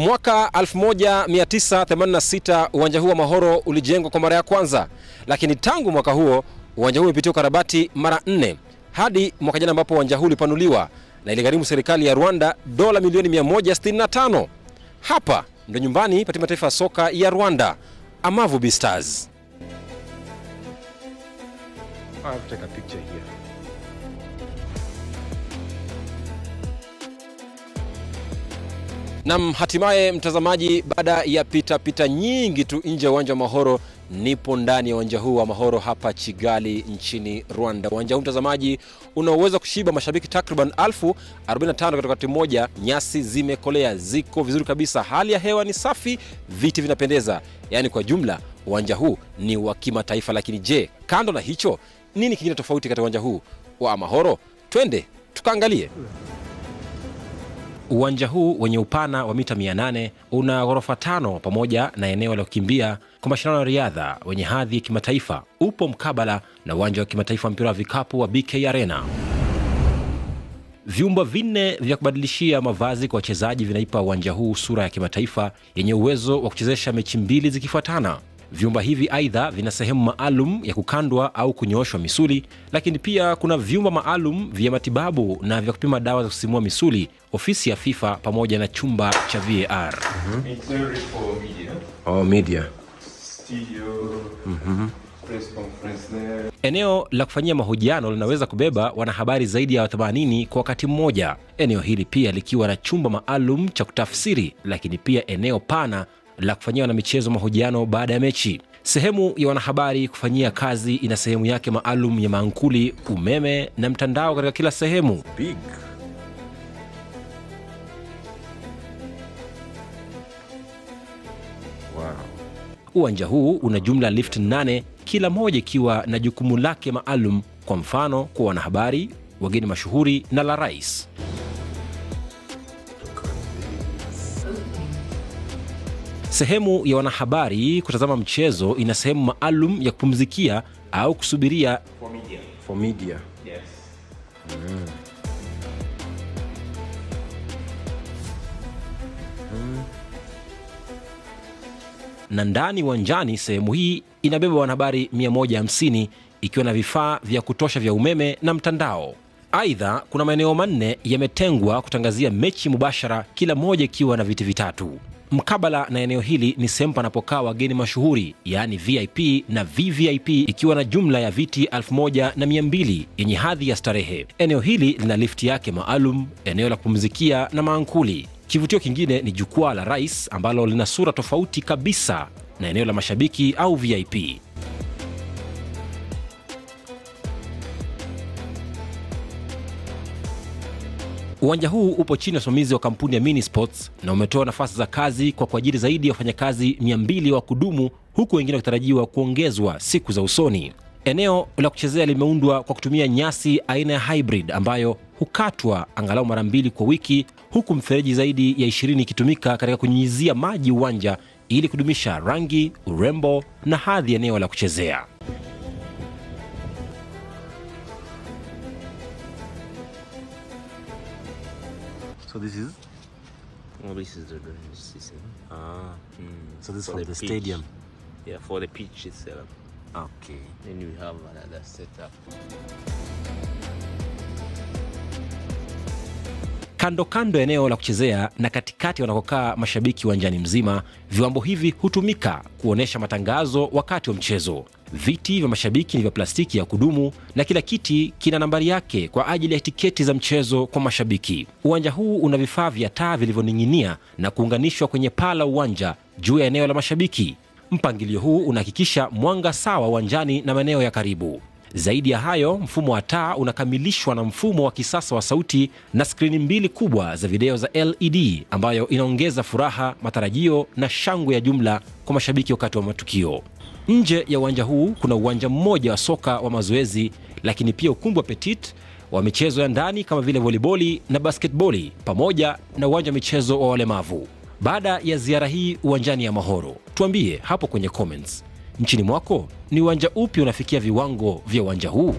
Mwaka 1986 uwanja huu wa Mahoro ulijengwa kwa mara ya kwanza, lakini tangu mwaka huo uwanja huu umepitia ukarabati mara nne hadi mwaka jana ambapo uwanja huu ulipanuliwa na iligharimu serikali ya Rwanda dola milioni 165. Hapa ndio nyumbani pa timu ya taifa ya soka ya Rwanda, Amavubi Stars. Nam, hatimaye mtazamaji, baada ya pitapita pita nyingi tu nje ya uwanja wa Mahoro, nipo ndani ya uwanja huu wa Mahoro hapa Kigali nchini Rwanda. Uwanja huu mtazamaji, unaoweza kushiba mashabiki takriban elfu 45 katika wakati mmoja. Nyasi zimekolea, ziko vizuri kabisa, hali ya hewa ni safi, viti vinapendeza, yaani kwa jumla uwanja huu ni wa kimataifa. Lakini je, kando na hicho, nini kingine tofauti katika uwanja huu wa Mahoro? Twende tukaangalie. Uwanja huu wenye upana wa mita 800 una ghorofa tano pamoja na eneo la kukimbia kwa mashindano ya riadha wenye hadhi ya kimataifa. Upo mkabala na uwanja wa kimataifa wa mpira wa vikapu wa BK Arena. Vyumba vinne vya kubadilishia mavazi kwa wachezaji vinaipa uwanja huu sura ya kimataifa yenye uwezo wa kuchezesha mechi mbili zikifuatana. Vyumba hivi aidha vina sehemu maalum ya kukandwa au kunyooshwa misuli, lakini pia kuna vyumba maalum vya matibabu na vya kupima dawa za kusimua misuli, ofisi ya FIFA pamoja na chumba cha VAR. mm -hmm. Eneo la kufanyia mahojiano linaweza kubeba wanahabari zaidi ya 80 kwa wakati mmoja, eneo hili pia likiwa na chumba maalum cha kutafsiri, lakini pia eneo pana la kufanyia wanamichezo mahojiano baada ya mechi. Sehemu ya wanahabari kufanyia kazi ina sehemu yake maalum ya maankuli, umeme na mtandao katika kila sehemu. Big. Uwanja huu una jumla lift nane, kila moja ikiwa na jukumu lake maalum, kwa mfano kwa wanahabari, wageni mashuhuri na la rais. Sehemu ya wanahabari kutazama mchezo ina sehemu maalum ya kupumzikia au kusubiria for media. For media. Yes. Mm. Na ndani uwanjani, sehemu hii inabeba wanahabari 150 ikiwa na vifaa vya kutosha vya umeme na mtandao. Aidha, kuna maeneo manne yametengwa kutangazia mechi mubashara, kila moja ikiwa na viti vitatu. Mkabala na eneo hili ni sehemu panapokaa wageni mashuhuri, yaani VIP na VVIP, ikiwa na jumla ya viti 1200 yenye hadhi ya starehe. Eneo hili lina lifti yake maalum, eneo la kupumzikia na maankuli. Kivutio kingine ni jukwaa la rais ambalo lina sura tofauti kabisa na eneo la mashabiki au VIP. Uwanja huu upo chini ya usimamizi wa kampuni ya Mini Sports na umetoa nafasi za kazi kwa kuajiri zaidi ya wafanyakazi 200 wa kudumu, huku wengine wakitarajiwa kuongezwa siku za usoni. Eneo la kuchezea limeundwa kwa kutumia nyasi aina ya hybrid ambayo hukatwa angalau mara mbili kwa wiki, huku mfereji zaidi ya 20 ikitumika katika kunyunyizia maji uwanja ili kudumisha rangi, urembo na hadhi ya eneo la kuchezea. So this is? Well, oh, this is the drainage system. Ah. Mm. So this is for, the, the stadium? Yeah, for the pitch itself. Okay. Then we have another setup. kando kando ya eneo la kuchezea na katikati wanakokaa mashabiki uwanjani mzima. Viwambo hivi hutumika kuonyesha matangazo wakati wa mchezo. Viti vya mashabiki ni vya plastiki ya kudumu na kila kiti kina nambari yake kwa ajili ya tiketi za mchezo kwa mashabiki. Uwanja huu una vifaa vya taa vilivyoning'inia na kuunganishwa kwenye paa la uwanja juu ya eneo la mashabiki. Mpangilio huu unahakikisha mwanga sawa uwanjani na maeneo ya karibu. Zaidi ya hayo, mfumo wa taa unakamilishwa na mfumo wa kisasa wa sauti na skrini mbili kubwa za video za LED ambayo inaongeza furaha, matarajio na shangwe ya jumla kwa mashabiki wakati wa matukio. Nje ya uwanja huu kuna uwanja mmoja wa soka wa mazoezi, lakini pia ukumbi wa petit wa michezo ya ndani kama vile voliboli na basketboli pamoja na uwanja wa michezo wa walemavu. Baada ya ziara hii uwanjani ya Mahoro, tuambie hapo kwenye comments nchini mwako? Ni uwanja upi unafikia viwango vya uwanja huu?